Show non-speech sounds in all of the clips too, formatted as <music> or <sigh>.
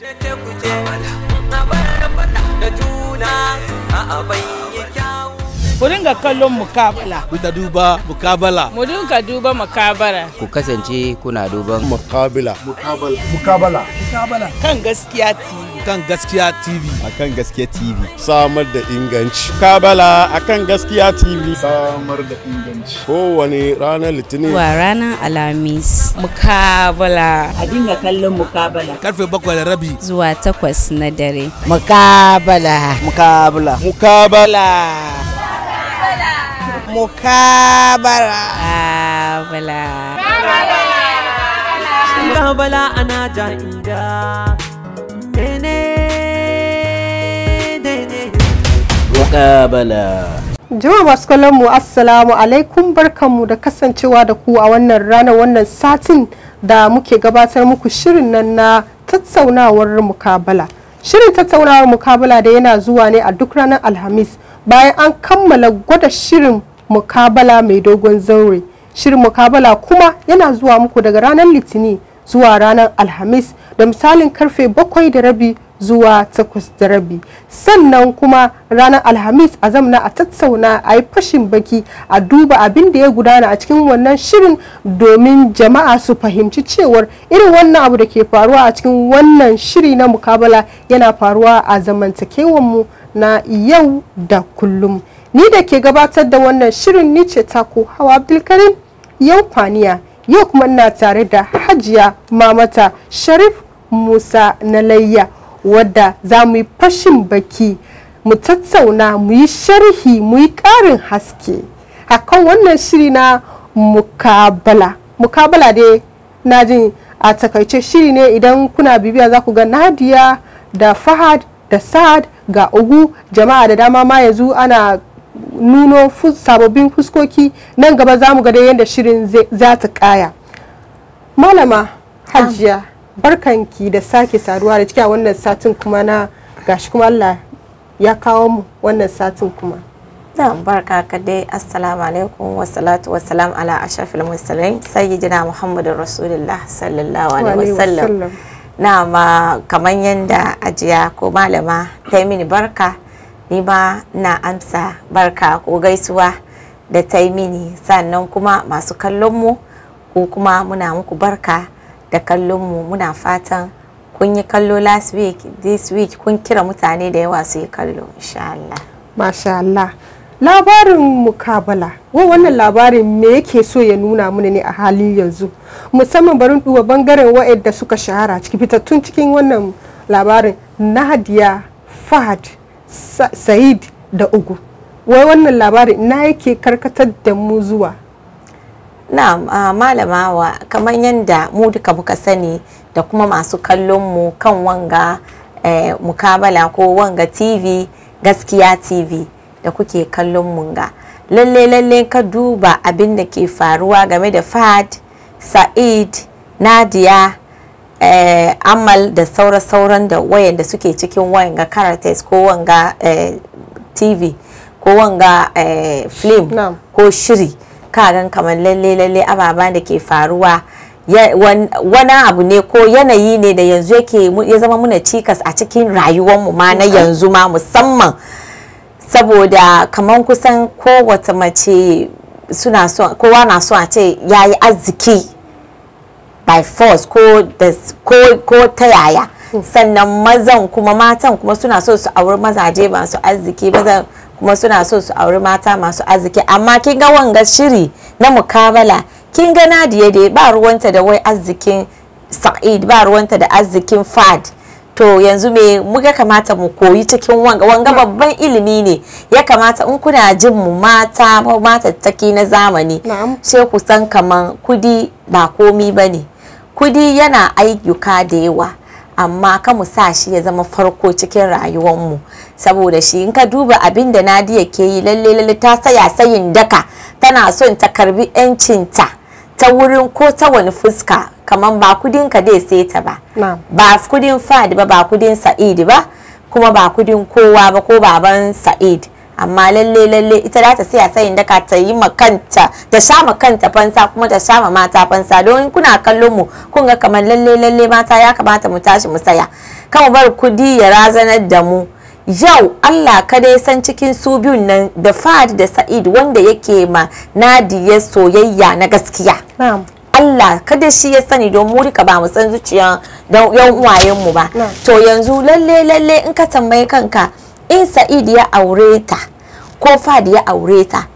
Je te kuje mala. Ku dinga kallon mukabala. Ku da duba mukabala. Mu dinga duba mukabala. Ku kasance kuna duban mukabala. Mukabala. Mukabala. Mukabala. Kan gaskiya TV. Kan gaskiya TV. a kan gaskiya TV. Samar da inganci. Mukabala a kan gaskiya TV. Samar da inganci. Kowane ranar Litinin. Wa ranar Alhamis. Mukabala. A dinga kallon mukabala. Karfe bakwai da rabi. Zuwa takwas na dare. Mukabala. Mukabala. Mukabala. mukabara kabala kabala ana ja'inda dene dene mukabala Jama'a masu kallon mu assalamu alaikum barkanmu da kasancewa da ku a wannan ranar wannan satin da muke gabatar muku shirin nan na tattaunawar mukabala. Shirin tattaunawar mukabala da yana zuwa ne a duk ranar Alhamis bayan an kammala gwada shirin mukabala mai dogon zaure shirin mukabala kuma yana zuwa muku daga ranar litini zuwa ranar alhamis da misalin karfe bakwai da rabi zuwa takwas da rabi sannan kuma ranar alhamis a zamana a tattauna a yi fashin baki a duba abin da ya gudana a cikin wannan shirin domin jama'a su fahimci cewar irin wannan abu da ke faruwa a cikin wannan shiri na mukabala yana faruwa a zamantakewanmu na yau da kullum ni da ke gabatar da wannan shirin ni ce taku hawa abdulkarim yau kwaniya yau kuma ina tare da hajiya mamata sharif musa na layya wadda za mu yi fashin baki mu tattauna mu yi sharhi mu yi karin haske akan wannan shiri na mukabala mukabala dai na jin a takaice shiri ne idan kuna bibiya za ku ga nadiya da fahad da sa'ad ga ugu jama'a da dama ma yanzu ana nuno sababbin fuskoki nan gaba za mu ga dai yadda shirin za ta kaya malama hajiya barkanki da sake saduwa da cikin wannan satin kuma na gashi kuma allah ya kawo mu wannan satin kuma na barka ka dai assalamu alaikum wa salatu wa salam ala ashrafil mursalin sayyidina muhammadin rasulullah sallallahu alaihi wasallam na ma ah, kaman yanda ajiya ko malama ta mini barka ni ma na amsa barka ko gaisuwa da ta yi mini sannan kuma masu kallonmu ko kuma muna muku barka da kallonmu muna fatan kun yi kallo last week this week kun kira mutane da yawa su yi kallo insha Allah masha Allah labarin mukabala wa wannan labarin me yake so ya nuna mana ne a hali yanzu musamman barin duba bangaren wa'yanda suka shahara cikin fitattun cikin wannan labarin nadiya fahad sa'id da ugu wai wannan labari na yake karkatar da mu zuwa na'am uh, malamawa kamar yadda mu duka muka sani da kuma masu kallon mu kan wanga eh, mukabala ko wanga tv gaskiya tv da kuke kallon mu ga lalle lalle ka duba abin da ke faruwa game da fad sa'id nadia eh, amal da saura-sauran da wayan da suke cikin wayan ga karates ko wanga eh, tv ko wanga eh, film no. ko shiri kagan kamar lalle-lalle ababa da ke faruwa wani abu ne ko yanayi ne da yanzu yake ya zama muna cikas a cikin mu ma na yanzu ma musamman saboda kamar kusan kowace mace suna so kowa na so a ce yayi arziki by force ko ko ta yaya sannan mazan kuma matan kuma suna so su auri mazaje masu arziki mazan kuma suna so su auri mata masu arziki amma kin ga wanga shiri na mukabala kin ga nadiya da ba ruwanta da wai arzikin sa'id ba ruwanta da arzikin fad to yanzu me muga kamata mu koyi cikin wanga wanga babban ilimi ne ya kamata in kuna jin mu mata matattaki na zamani sai ku san kaman kudi ba komi bane kudi yana ayyuka da yawa amma ka mu sa shi ya zama farko cikin mu saboda shi in ka duba abin da Nadiya ke yi lalle lalle ta saya sayin daka tana son ta karbi yancinta ta wurin ko ta wani fuska kamar ba kudin ka dai sai ta ba ba kudin fad ba ba kudin Sa'id ba kuma ba kudin kowa ba ko baban Sa'id amma lalle lalle ita za ta saya sayin daka ta yi makanta ta sha makanta fansa kuma ta sha ma mata fansa don kuna kallon mu kun ga kamar lalle lalle mata ya kamata mu tashi mu saya kama bar kudi ya razanar da mu yau Allah kada ya san cikin su biyun nan da Fahad da Sa'id wanda yake ma Nadiya soyayya na gaskiya Allah kada shi ya sani don mu rika ba mu san zuciya don yan uwayen mu ba to yanzu lalle lalle in ka tambaye kanka in eh, sa'id ya aure ta ko fad ya aure ta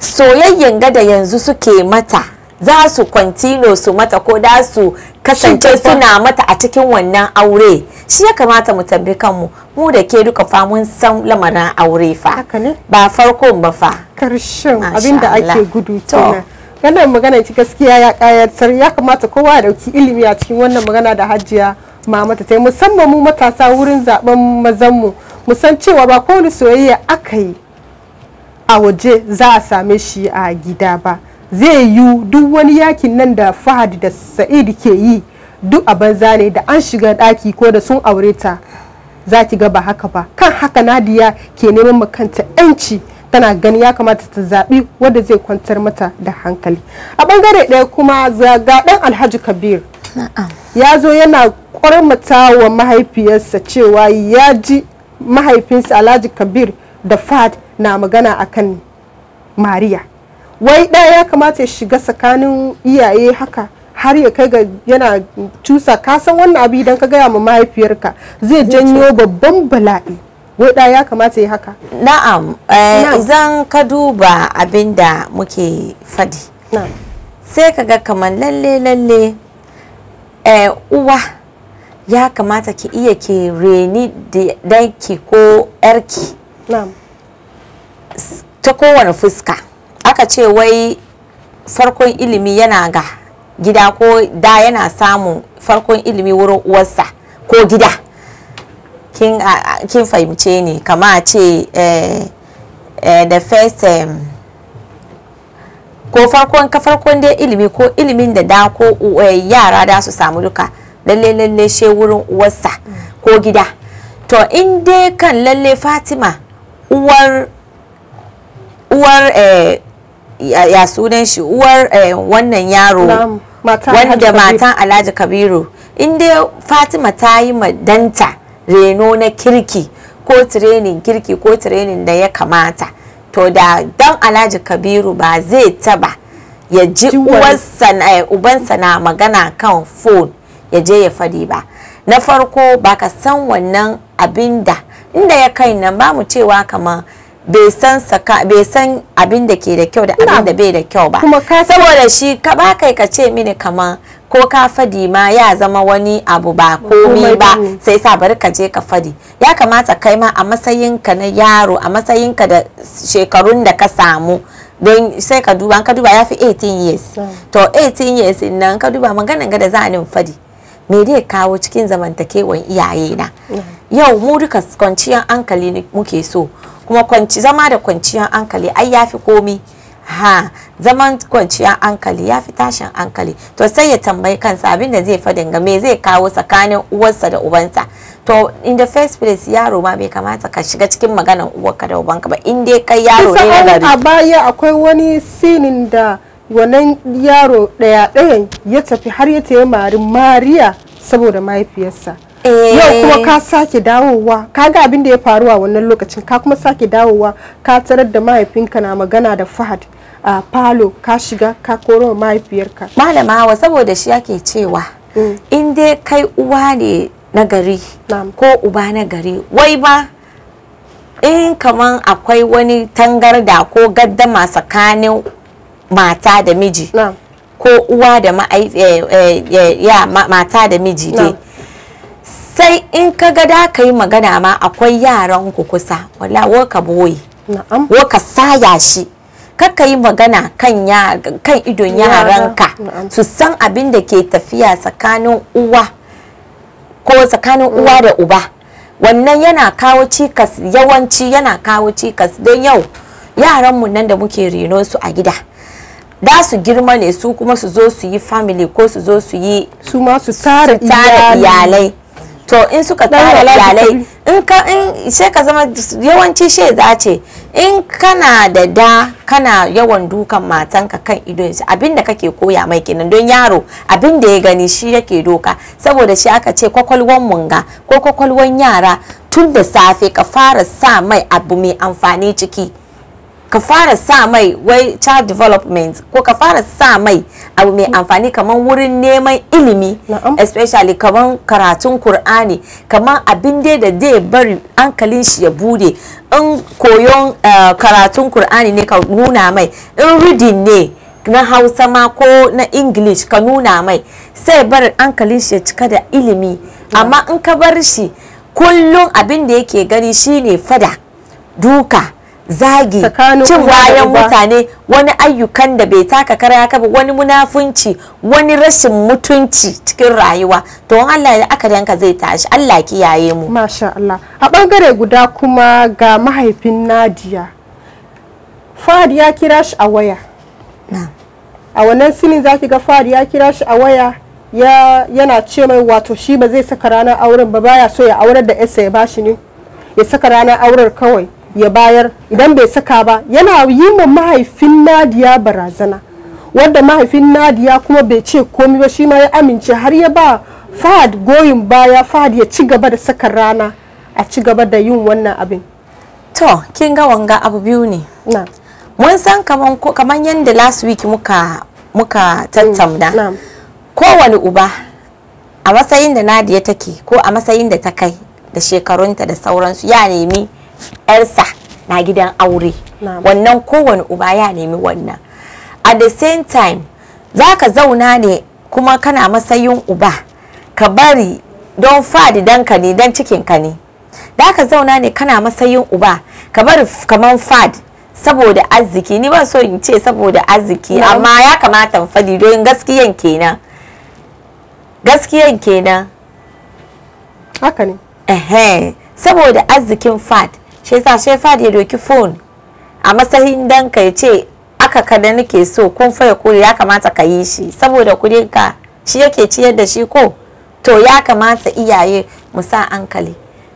soyayyen gada yanzu suke mata za su kwantino su mata ko da su kasance suna mata a cikin wannan aure shi ya kamata mu tambi kanmu mu da ke duka fa mun san lamarin aure fa ba farkon ba fa karshen abinda ake gudu to wannan magana ci gaskiya ya kayatar ya kamata kowa ya dauki ilimi a cikin wannan magana da hajiya mamata ta musamman mu matasa wurin zaben mazan mu musan cewa ba kowane soyayya aka yi a waje za a same shi a gida ba zai yi duk wani yakin nan da fahad da sa'id ke yi duk a banza ne da an shiga daki ko da sun aure ta za ki ga ba haka ba kan haka nadiya ke neman makanta 'yanci tana gani ya kamata ta zaɓi wanda zai kwantar mata da hankali a bangare ɗaya kuma zaga ɗan alhaji kabir ya zo yana ƙwarmata wa mahaifiyarsa cewa ya ji mahaifinsa alhaji kabir da fad na magana akan mariya wai ɗaya ya kamata ya shiga tsakanin iyaye haka har ya kai ga yana cusa kasan wannan abu idan ka gaya ma mahaifiyarka zai janyo babban bala'i wai ɗaya ya kamata ya haka eh, na'am idan ka duba abin da muke fadi sai ka ga kamar lalle lalle eh, uwa ya kamata ki iya ke reni ki ko yarki ta kowane fuska aka ce wai farkon ilimi yana ga gida ko da yana samun farkon ilimi wurin uwarsa ko gida kin fahimce ne kama ce eh, eh, the first ko farkon ka farkon dai ilimi ko ilimin da da ko eh, yara da su samu duka lalle lalle she wurin uwarsa ko gida to in dai kan lalle fatima uwar uwar eh, ya sunan shi uwar eh, wannan yaro wanda matan alhaji kabiru in dai fatima ta yi danta reno na kirki ko tirenin kirki ko tirenin da ya kamata to da dan alhaji kabiru ba zai taba ya ji eh, ubansa na magana kan phone ya je ya fadi ba na farko baka san wannan abin inda ya kai nan ba mu cewa kama bai san saka bai san abin da ke da kyau da abin da bai da kyau ba saboda shi ka ba kai ka ce mini kaman ko ka fadi ma ya zama wani abu ba komi ba sai sa bari ka je ka fadi ya kamata kai ma a ka na yaro a ka da shekarun da ka samu don sai ka duba ka duba ya fi 18 years to 18 years nan ka duba maganan ga da za a fadi me zai kawo cikin zamantakewan iyaye na yau mu duka kwanciyar hankali muke so kuma kwanci zama da kwanciyar hankali ai yafi komi ha zaman kwanciyar hankali ya fi tashin hankali to sai ya tambayi kansa abin da zai faɗin ga me zai kawo tsakanin uwarsa da ubansa to in the first place yaro ma bai kamata ka shiga cikin maganan uwarka da ubanka ba in dai kai yaro ne a baya akwai wani sinin da wannan yaro ɗaya ɗayan ya tafi har ya taya mari mariya saboda mahaifiyarsa yau eh. kuma ka sake dawowa ka ga abin da ya faru a wannan lokacin ka kuma sake dawowa ka tarar da mahaifinka na magana da fahad a falo ka shiga ka koro mahaifiyarka malama saboda shi yake cewa mm. in dai kai uwa ne na gari ko uba na gari wai ba in kaman akwai wani tangarda ko gaddama tsakanin mata da miji ko uwa da eh, eh, mata da miji dai sai in ka ga da ka magana ma akwai yaran ku kusa wala wo ka boye saya shi kakka yi magana kan idon yaranka su san abin da ke tafiya tsakanin uwa ko tsakanin uwa mm. da uba wannan yana kawo cikas yawanci yana kawo cikas don yau yaranmu nan da muke reno su a gida da su girma ne su kuma su zo su yi family ko su zo su yi su ma su tara iyalai to in suka tara iyalai in ka in sai ka zama yawanci she za ce in kana da da kana yawan dukan matanka kan ido shi abinda kake koya mai kenan don yaro abinda ya gani shi yake doka saboda shi aka ce kwakwalwan munga ko kwakwalwan yara tun da safe ka fara sa mai abu mai amfani ciki ka fara sa mai wai child development ko ka fara sa mai abu mai amfani kamar wurin neman ilimi especially kamar karatun kur'ani kamar abin dai da zai bari hankalin shi ya bude in koyon eh, karatun kur'ani ne ka nuna mai in reading ne na hausa ma ko na english ka nuna mai sai bari hankalin shi ya cika da ilimi amma in ka bar shi kullum abin da yake gani shine fada duka zagi cin wayan mutane wani ayyukan da bai taka kara ya ba wani munafunci wani rashin mutunci cikin rayuwa to in Allah ya aka danka zai tashi Allah kiyaye mu masha Allah a bangare guda kuma ga mahaifin Nadia Fahad ya kira shi a waya a wannan sinin zaki ga Fahad ya kira shi a waya ya yana ce mai wato shi ba zai saka ranar auren ba baya so ya aurar da Esa ya bashi ne ya saka ranar auren kawai ya bayar idan bai saka ba yana yi ma mahaifin nadiya barazana wanda mahaifin nadiya kuma bai ce komi ba shi ma ya amince har ya ba fahad goyin baya fahad ya ci gaba da saka rana a ci gaba da yin wannan abin to kin ga wanga abu biyu ne mun san kaman yadda last week muka muka tattauna kowane uba a matsayin da nadiya take ko a matsayin da ta kai da shekarunta da sauransu ya nemi elsa na gidan aure wannan kowane uba ya nemi wannan at the same time za ka zauna ne kuma kana masayin uba ka bari don fadi danka ne don cikinka ne da ka zauna ne kana masayin uba ka bari kamar fad saboda arziki ni ba so in ce saboda arziki amma ya kamata fadi don gaskiyan kenan gaskiyan kenan haka ne saboda arzikin fad shi yasa shi fadi ya doki phone a masahin danka ya ce aka kada nake so kun faya kuri ya kamata ka yi shi saboda kudin ka shi yake ciyar da shi ko to ya kamata iyaye mu sa hankali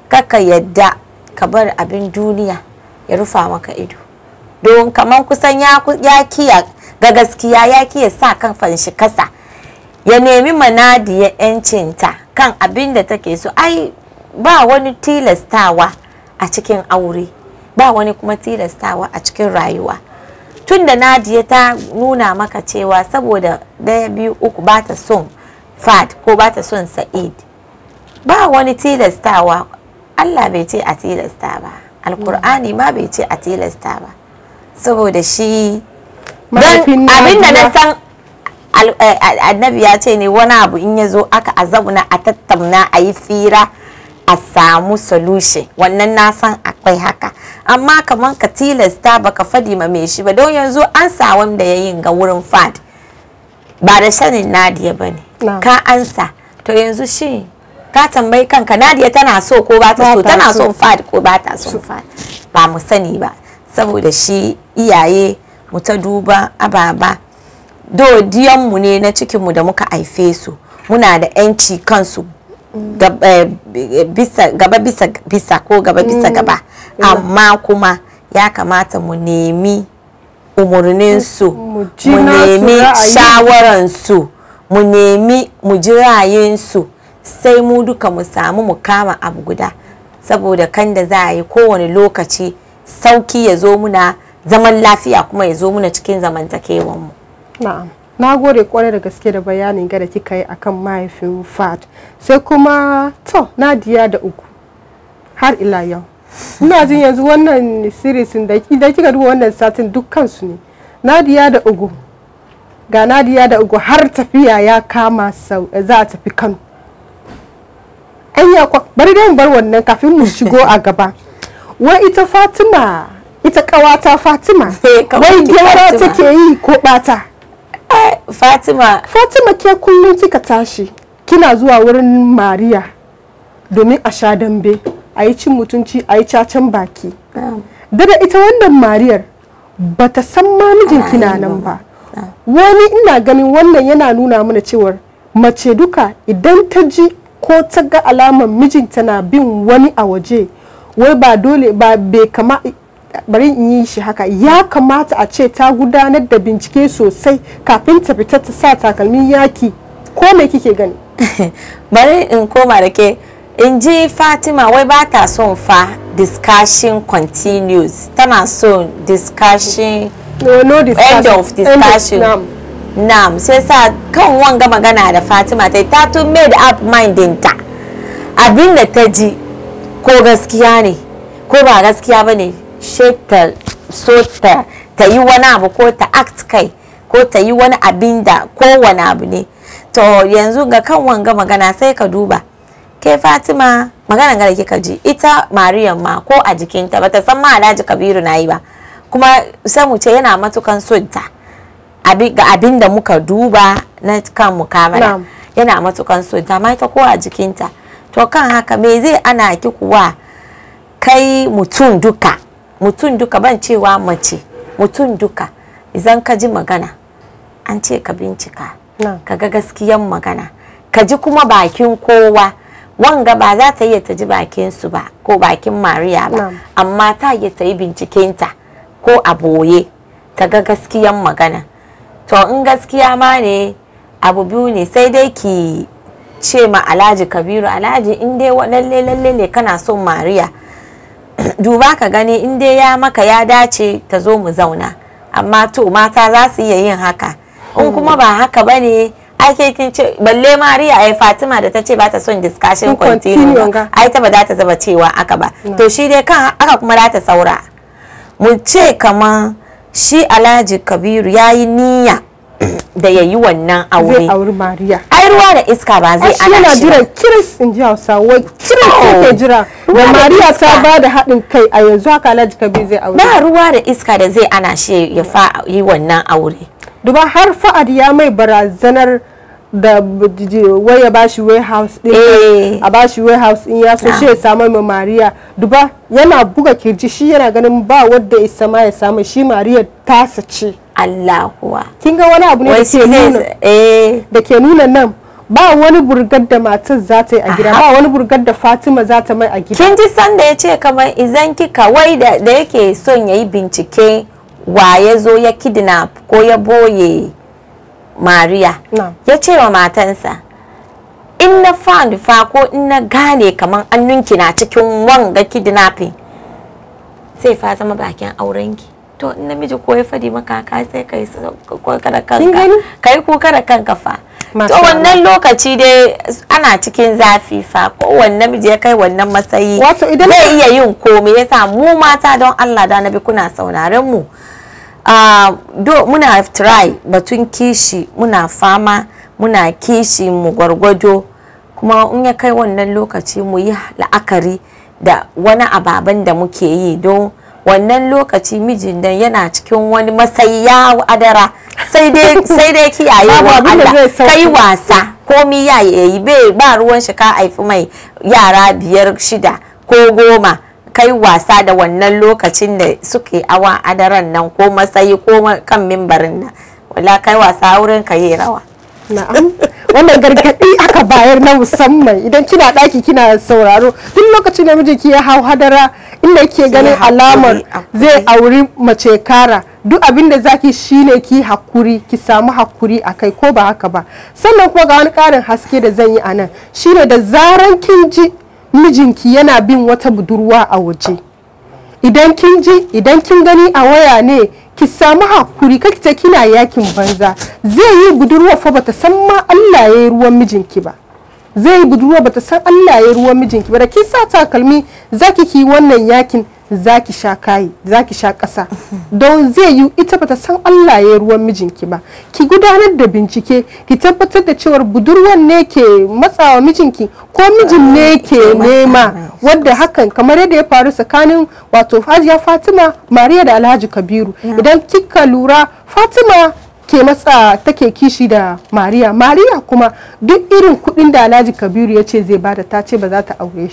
kaka yadda ka bar abin duniya ya rufa maka ido don kaman kusan ya kiya ga gaskiya ya kiya sa kan fanshi kasa ya nemi ya yancinta kan abin da take so ai ba wani tilastawa a cikin aure ba wani kuma tilastawa a cikin rayuwa tun tunda nadia ta nuna maka cewa saboda daya biyu uku ba ta son Fad ko ba ta son Sa'id ba wani tilastawa Allah bai ce a tilasta ba alkur'ani ma bai ce a tilasta ba saboda shi don abinda na san eh, annabi ya ce ne wani abu in ya zo aka azabna a tattauna a yi fira a samu solution wannan na san akwai haka amma kamar ka tilasta baka fadi ma mai shi ba don yanzu an sa wanda ya yin ga wurin fad ba da sanin nadiya ba ne ka ansa to yanzu shi ka tambayi kanka nadiya tana so ko ba ta so tana so fad ko ba ta so fad ba mu sani ba saboda shi iyaye mu ta duba ababa do mu ne na cikinmu da muka haife su muna da 'yanci kansu Eh, gaba bisa ko gaba bisa mm. gaba amma kuma ya kamata mu nemi umarninsu mu nemi su mu nemi mu jirayinsu sai mu duka mu samu mu kama abu guda saboda kan da za a yi kowane lokaci sauki ya zo muna zaman lafiya kuma ya zo muna cikin zamantakewanmu. Na'am. na gode kwarai da gaske da bayanin gada kika yi akan mahaifin fat sai kuma to nadiya da uku har ila yau ina jin yanzu wannan sirisin da kika duba wannan satin dukkan su ne nadiya da ugu ga nadiya da ugu har tafiya ya kama sau eh, za a tafi kano akwai. bari dai mu bar wannan kafin mu shigo a gaba wai ita fatima ita kawata fatima <laughs> wai gyara take yi ko bata Fatima. Fatima ke kullum kika tashi kina zuwa wurin maria domin a sha dambe a yi cin mutunci a yi cacan baki. daga ita wannan Mariyar bata san ma mijin kina nan ba. Wani ina ganin wannan yana nuna mana cewar mace duka idan ta ji ko ta ga alamar mijinta na bin wani a waje wai ba dole ba bai kama bari in yi shi haka ya kamata a ce ta gudanar da bincike sosai kafin ta fita ta sa takalmin yaki ko me kike gani <laughs> bari in koma da ke in ji fatima wai ba ta son fa discussion continues tana son discussion no, no discussion end of discussion end of, nam sai sa kan wanga magana da fatima ta ta tun made up mind ta abin da ta ji ko gaskiya ne ko ba gaskiya ba ne she ta so ta ta yi wani abu ko ta act kai ko ta yi wani abin da wani abu ne to yanzu ga kan wanga magana sai ka duba ke fatima magana ga kika ji ita mariyan ma ko a jikinta bata san ma alhaji kabiru na yi ba kuma sai mu ce yana matukan sunta ga abin da muka duba na kan mukamala yana matukan ta ma ita ko a jikinta to kan haka me zai ana ki kuwa kai mutum duka mutum duka ban cewa mace mutum duka idan ka ji magana an ce ka bincika ka ga gaskiyan magana ka ji kuma bakin kowa wanga ba za ta iya ta ji bakin su ba ko bakin mariya ba amma ta iya ta yi ta ko aboye boye ta ga gaskiyan magana to in gaskiya ma ne abu biyu ne sai dai ki ce ma alhaji kabiru alhaji in dai lalle lalle ne kana son mariya duba ka gani in dai ya maka ya dace ta zo mu zauna amma to mata za su iya yin haka in oh. kuma ba haka ba ne ake kin ce balle mariya ai fatima da ta ce ba ta son discussion continue ai ta ba za ta zaba cewa aka ba mm. to shi dai kan aka kuma za ta saura mu ce kaman shi alhaji kabiru ya yi niyya da ya yi wannan aure. Zai auri Maria. Ai ruwa da iska ba zai ana shi. yana jira kiris in ji Hausa wai kiris oh! yake jira. Wa maria ta ba da haɗin kai a yanzu haka Alhaji Kabir zai aure. Ba ruwa da iska da zai ana shi ya fa yi wannan aure. Duba har Fa'ad ya mai barazanar da wai ya bashi warehouse din eh. a bashi warehouse in ya so shi ya ah. samu mai maria. duba yana buga kirji shi yana ganin ba wanda isa ma ya samu shi maria ta sace. Allah kuwa kin ga wani abu ne da ke nuna eh da ke nuna nan ba wani burgar da matar za ta yi a gida ba wani burgar da Fatima za ta mai a gida kin ji sanda ya ce kamar idan kika wai da yake son yayi bincike wa ya zo ya kidnap ko ya boye Maria ya ce wa matansa in na found fa ko in na gane kamar annunki na cikin wanga kidnapping sai fa zama bakin aurenki to in namiji ko ya fadi maka ka sai kai kokara kanka kai kokara kanka fa to wannan lokaci dai ana cikin zafi fa kowanne namiji ya kai wannan matsayi wato idan zai iya yin komai yasa mu mata don Allah da nabi kuna sauraren mu uh, do muna try batun kishi muna fama muna kishi mu gwargwado kuma in ya kai wannan lokaci mu yi la'akari da wani ababen da muke yi don wannan lokaci mijin nan yana cikin wani matsayi ya adara sai dai kiyaye wa Allah kai wasa komi ya yi bai ba ruwan shi ka haifi mai yara biyar shida ko goma kai wasa da wannan lokacin da suke awa adaran nan ko matsayi ko kan mimbarin nan wala kai wasa wurin ka yi rawa na'am wannan gargaɗi aka bayar na musamman idan kina ɗaki kina sauraro duk lokacin da mijinki ya hau hadara inda yake ganin alamar zai auri mace kara duk abin da zaki shine ki hakuri ki samu hakuri a kai ko ba haka ba sannan kuma ga wani ƙarin haske da zan yi a nan shine da zaran kin ji mijinki yana bin wata budurwa a waje idan kin ji idan kin gani a waya ne ki samu hakuri kake ta kina yakin banza zai yi budurwa fa bata san ma Allah ya yi ruwan mijinki ba zai yi budurwa bata san Allah ya yi ruwan mijinki ba da kin sa takalmi zaki ki wannan yakin zaki sha kai zaki sha ƙasa don zai yi ita bata san Allah ya yi ruwan mijinki ba ki gudanar da bincike ki tabbatar da cewa budurwan ne ke matsawa mijinki ko mijin ne ke nema wadda hakan kamar yadda ya faru tsakanin wato hajiya fatima mariya da alhaji kabiru idan kika lura fatima ke matsa take kishi da mariya mariya kuma duk irin kuɗin da alhaji kabiru ya ce zai bada ta ce ba za ta aure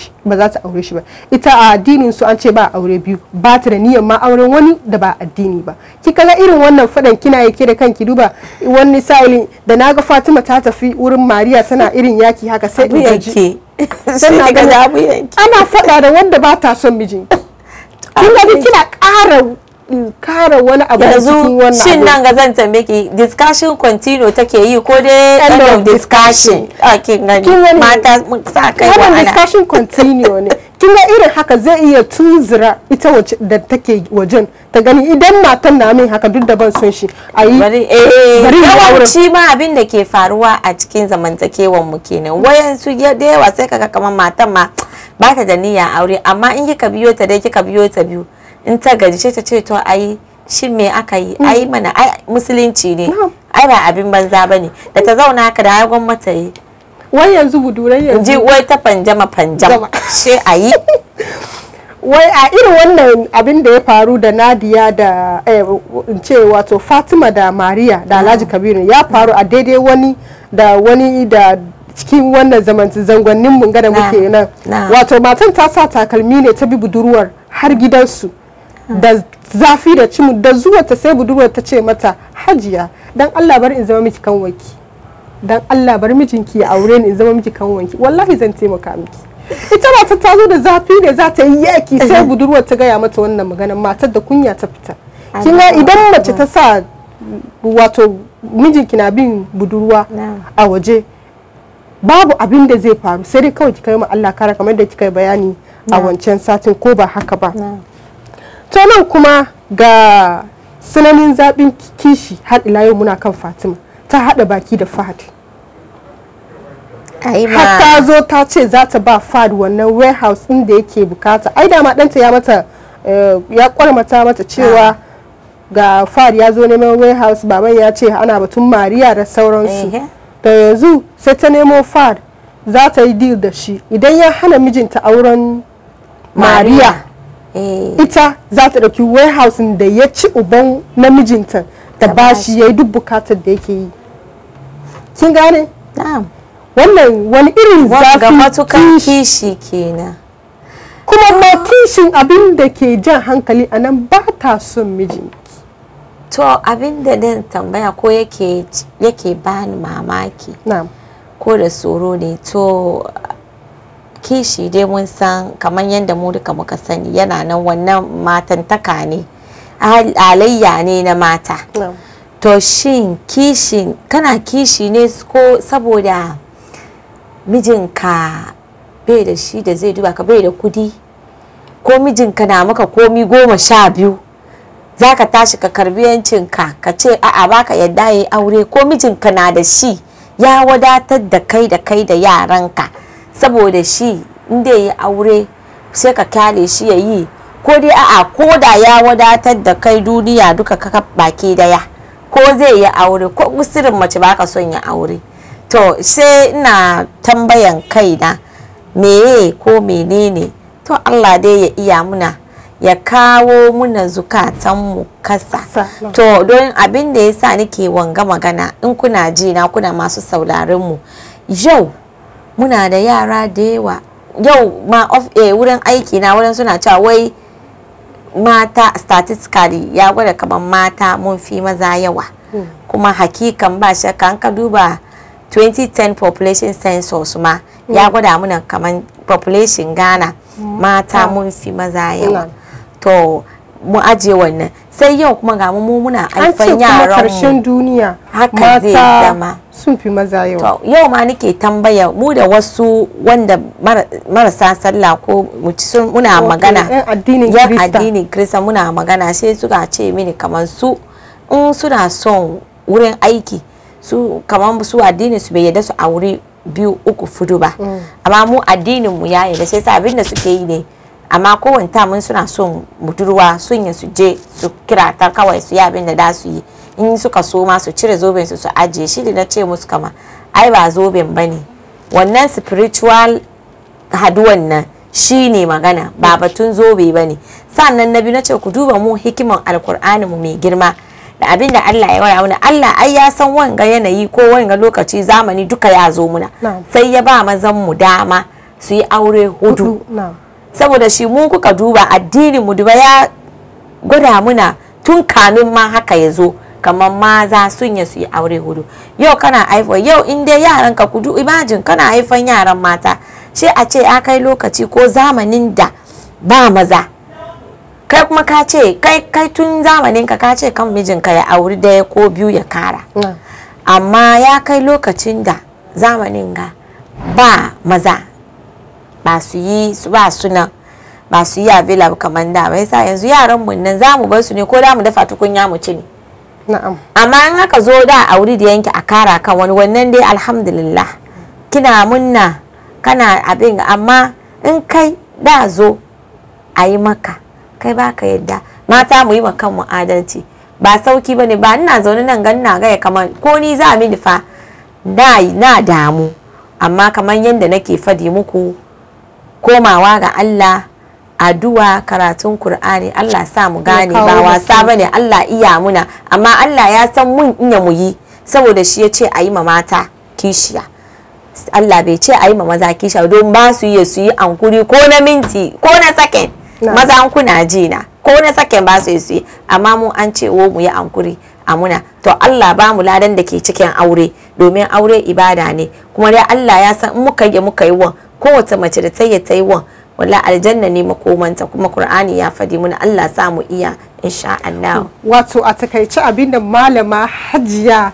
shi ba ita a addinin su an ce ba aure biyu ba ta da niyyar ma auren wani da ba addini ba ki kaga irin wannan fadan kina yake da kanki duba wani sa'ilin da naga fatima ta tafi wurin mariya tana irin yaki haka sai in gaji ana faɗa da wanda ba ta son mijin <laughs> kin kina ƙara kara wani abu a cikin wannan shin nan ga zan tambaye ki discussion continue take yi ko dai end of discussion ah, kin gani mata sa kai wa'ana ana discussion continue ne <laughs> kin ga irin haka zai iya tuzura ita wace da take wajen ta gani idan matan na min haka duk da ban son shi ayi bari eh, yawanci ma abin da ke faruwa a cikin zamantakewan mu kenan wayansu da yawa sai kaga kamar matan ma ba ta da niyya aure amma in kika biyo ta dai kika biyo ta biyu in ta gaji sai ta ce to ai shin me aka yi mm. ai mana ai musulunci ne ai ba abin banza bane da ta zauna haka da hagon mata yi wai yanzu budurai yanzu ji wai ta panjama panjama she ayi <laughs> wai a irin wannan abin da ya faru da Nadia da eh, in ce wato Fatima da Maria da mm. Alhaji Kabiru ya faru a daidai wani da wani da cikin wannan zamantin zangonnin mun ga da muke nan wato matan ta sa takalmi ne ta bi budurwar har gidansu da zafi da cimu da zuwa ta sai budurwar ta ce mata hajiya dan Allah bar in zama miki kanwanki dan Allah bar mijinki ya aure ni in zama miki kanwanki wallahi zan taimaka miki ita ba ta zo da zafi ne za ta yi yaki sai budurwar ta gaya mata wannan magana matar da kunya ta fita ga idan mace ta sa wato mijinki na bin budurwa a waje babu abin da zai faru sai dai kawai kika yi ma Allah kara kamar da kika yi bayani a wancan satin ko ba haka ba to nan kuma ga sananin zaɓin kishi har ila yau muna kan fatima ta haɗa baki da fahad har ta zo ta ce za ta ba fahad wannan warehouse ɗin da yake bukata ai dama ɗanta ya mata eh, ya kwarmata mata cewa ah. ga fahad ya zo neman warehouse baban ya ce ana batun mariya da sauransu da yanzu sai ta nemo fahad za ta yi deal da shi idan ya hana mijinta auren mariya Eh. ita za ta ɗauki warehousing da ya ci uban namijinta da bashi ya yi duk bukatar da yake yi kin gane wannan wani irin zafi kishi kenan kuma ma kishin abin da ke jan hankali a ba ta son mijinki to abin da dan tambaya ko yake yake bani mamaki ko da tsoro ne to kishi dai mun san kamar yadda mu duka muka sani yana nan wannan matantaka ne alayya ne na mata to shin kishi kana kishi ne ko saboda mijinka bai da shi da zai duba ka bai da kudi ko mijinka na maka komi goma sha biyu za ka tashi ka karbi yancinka ka ce a'a baka yadda ya yi aure ko mijinka na da shi ya wadatar da kai da kai da yaranka saboda shi in dai yi aure sai ka kyale shi ya yi ko dai a'a ko da ya wadatar da kai duniya duka ka baki daya ko zai yi aure ko musirin mace baka son ya aure to sai ina tambayan kaina meye ko menene to Allah dai ya iya muna ya kawo muna zukatanmu kasa to don abin da ya sa nake wanga magana in kuna ji na kuna masu sauraron mu yau muna da yara da yawa yau ma of a eh, wurin aiki na wurin suna cewa wai mata statistically ya gwada kamar mata mun fi maza yawa hmm. kuma hakikan ba shakka an ka duba 2010 population census ma hmm. ya gwada muna kamar population Ghana hmm. mata ah. mun fi maza yawa to mu aje wannan sai yau kuma ga mu muna aifan yaran mu karshen duniya haka zai zama sun fi maza yau yau ma nake tambaya mu da wasu wanda marasa sallah ko muna magana yan addinin krista muna magana sai suka ce mini kamar su in suna son wurin aiki su kamar su addinin su bai yarda su a wuri biyu uku fudu ba mm. amma mu addinin mu ya yarda sai sa abin da suke yi ne amma kowanta mun suna son budurwa sun yi su je su kira ta kawai su yi abin da su yi in suka so ma su cire zoben su su ajiye shi da na ce musu kama ai ba zoben ba ne wannan spiritual haduwan nan shi ne magana ba batun zobe ba ne sannan na biyu na ce ku duba mu hikiman alkur'ani mu mai girma da abin da Allah ya waya mana Allah ai ya san wanga yanayi ko wanga lokaci zamani duka ya zo muna sai ya ba mazan mu dama su yi aure hudu saboda shi mu kuka duba addinin mu duba ya gwada muna tun kanun ma haka ya zo kamar maza sun ya su yi aure hudu yau kana haifa yau in dai yaran ka kudu imajin kana haifan yaran mata shi a ce a kai lokaci ko zamanin da ba maza kai kuma ka ce kai kai tun zamanin ka ka ce kan mijinka ya auri daya ko biyu ya kara amma ya kai lokacin da zamanin ga ba maza ba su yi ba su nan ba su yi available kamar da mai sa yanzu yaran mu nan zamu bar su ne ko da mu dafa tukunya mu ci ne na'am amma in haka zo da a wuri da yanki a kara kan wani wannan dai alhamdulillah kina munna kana abin amma in kai da zo a yi maka kai baka yadda mata mu yi makan mu adalci ba sauki bane ba ina zaune nan gan na gaya kamar ko ni za mi fa na damu amma kamar yadda nake fadi muku komawa ga Allah addu'a karatun Kur'ani Allah sa mu gane ba wasa bane Allah iya muna amma Allah ya san mun iya mu yi saboda shi ya ce a yi ma mata kishiya Allah bai ce a yi ma maza kishiya don ba su yi su yi ankuri ko na minti ko na sakin maza an kuna ji ko na sakin ba su yi su yi amma mu an ce wo oh, mu yi ankuri amuna to Allah ba mu ladan da ke cikin aure domin aure ibada ne kuma dai Allah ya san muka yi muka yi kowace mace da tayi tayi ta yi walla aljanna ne makomanta kuma qur'ani ya fadi muna Allah sa mu iya insha Allah wato a takaice abinda malama hajiya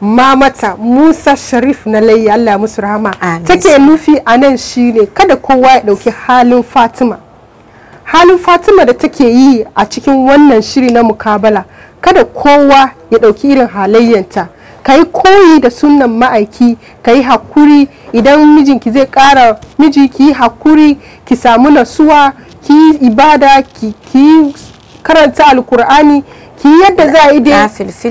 mamata Musa Sharif na layi Allah musu rahama take nufi a nan shine kada kowa ya dauki halin Fatima halin Fatima da take yi a cikin wannan shiri na mukabala kada kowa ya dauki irin halayyanta ka koyi da sunan ma'aiki ka yi hakuri idan mijinki zai kara miji ki yi hakuri ki samu nasuwa ki yi ibada ki karanta alkur'ani ki yadda za a yi da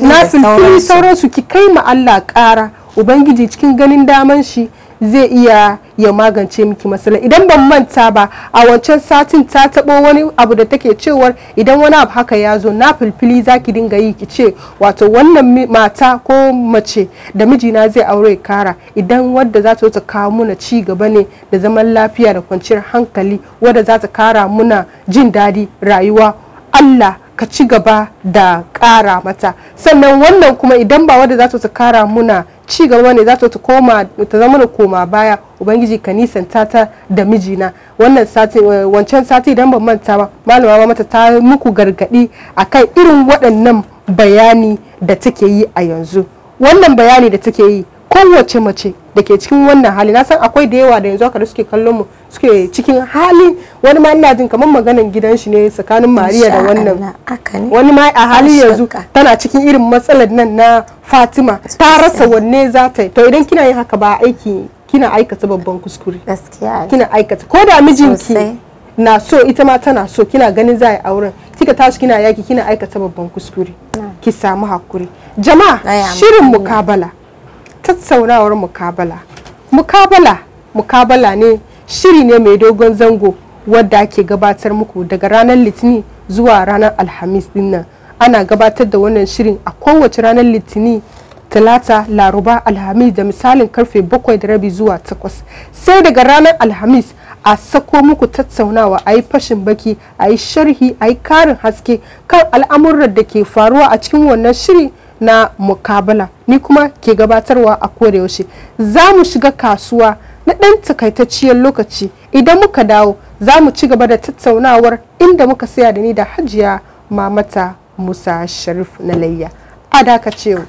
na filfili sauransu ki kai ma Allah kara ubangiji cikin ganin daman shi zai iya ya magance miki matsala idan ban manta ba a wancan satin ta tabo wani abu da take cewar idan wani abu haka ya zo na filfili zaki dinga yi ki ce wato wannan mata ko mace da mijina zai aure kara idan wadda za ta kawo muna ci gaba ne da zaman lafiya da kwanciyar hankali wadda za ta kara muna jin daɗi rayuwa Allah ka ci gaba da kara mata sannan wannan kuma idan ba wadda za ta kara muna ci gaba ne za ta koma ta zama da koma baya ubangiji ka nisanta ta da mijina wannan sati wancan sati idan ban manta ba malama ba mata ta muku gargadi akan irin waɗannan bayani da take yi a yanzu wannan bayani da take yi kowace mace da ke cikin wannan hali na san akwai da yawa da yanzu haka da suke kallon mu suke cikin hali wani ma ina jin kamar maganan gidan shi ne tsakanin Mariya da wannan wani ma a hali yanzu tana cikin irin matsalar nan na Fatima ta rasa wanne za ta yi to idan kina yin haka ba aiki kina aikata babban kuskure kina aikata ko da mijinki na so ita ma tana so kina ganin za a yi auren kika tashi kina yaki kina aikata babban kuskure ki samu hakuri jama'a shirin mukabala tattaunawar mukabala mukabala mukabala ne shiri ne mai dogon zango wadda ake gabatar muku daga ranar litini zuwa ranar alhamis dinnan ana gabatar da wannan shirin a kowace ranar litini talata laruba alhamis da misalin karfe bakwai da rabi zuwa takwas sai daga ranar alhamis a sako muku tattaunawa a yi fashin baki a yi sharhi a yi karin haske kan al'amuran da ke faruwa a cikin wannan shiri na mukabala ni kuma ke gabatarwa a kodayaushe za mu shiga kasuwa na ɗan takaitacciyar lokaci idan muka dawo za mu ci gaba da tattaunawar inda muka saya da ni da hajiya mamata musa sharif na layya a dakacewa